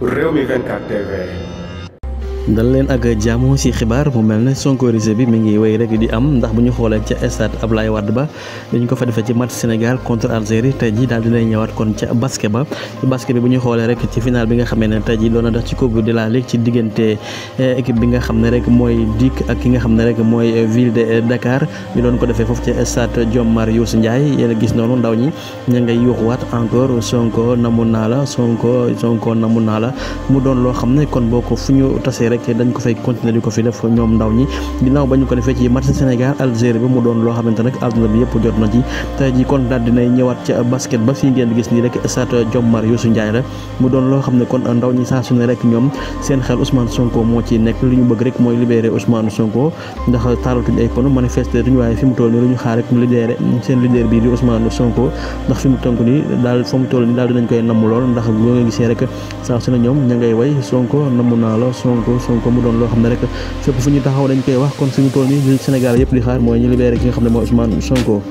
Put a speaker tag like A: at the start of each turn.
A: Rewmi 24 TV
B: dal leen ak jaamu ci xibaar mu mel ne sonkorisé bi mu ngi wéy rek di am ndax bu ñu xoolee ca stade Ablaye Wade ba dañ ko fa defee ci match Sénégal contre Algérie tey ji daal dinay ñëwaat kon ca basket ba ci basket bi bu ñu xoolee rek ci final bi nga xamee ne tey ji doon na dox ci coupe de la ligue ci diggante eh, équipe bi nga xam ne rek mooy dikk ak ki nga xam ne rek mooy ville de Dakar ñu doon ko defee foofu ci stade Diom Marius Ndiaye yéen a gis noonu ndaw ñi ña ngay yuuxuwaat encore Sonko namu naa la Sonko Sonko namu naa la mu doon loo xam ne kon boo ko fu ñu tasee rek rek dañ ko fay continuer di ko fi def ñoom ndaw ñi ginnaaw ba ko defee ci match Sénégal Algérie bi mu doon loo xamante nag àdduna bi yëpp jot na ci tey ji kon daal dinay ñëwaat ba fii ne rek ñoom seen xel Ousmane Sonko moo ci nekk li ñu bëgg rek mooy libérer Ousmane Sonko ndax fi mu lu ñu xaar rek mu libérer seen leader bi di Ousmane mu tënk nii daal fa mu toll koy namm lool ndax boo nga gisee rek saa ne ñoom ña ngay way Sonko namm naa la Sonko Ousmane Sonko mu doon loo xam ne rek fépp fu ñu taxaw dañ koy wax kon suñu tool nii Sénégal yëpp di xaar mooy ñu libéré ki nga xam ne mooy Ousmane Sonko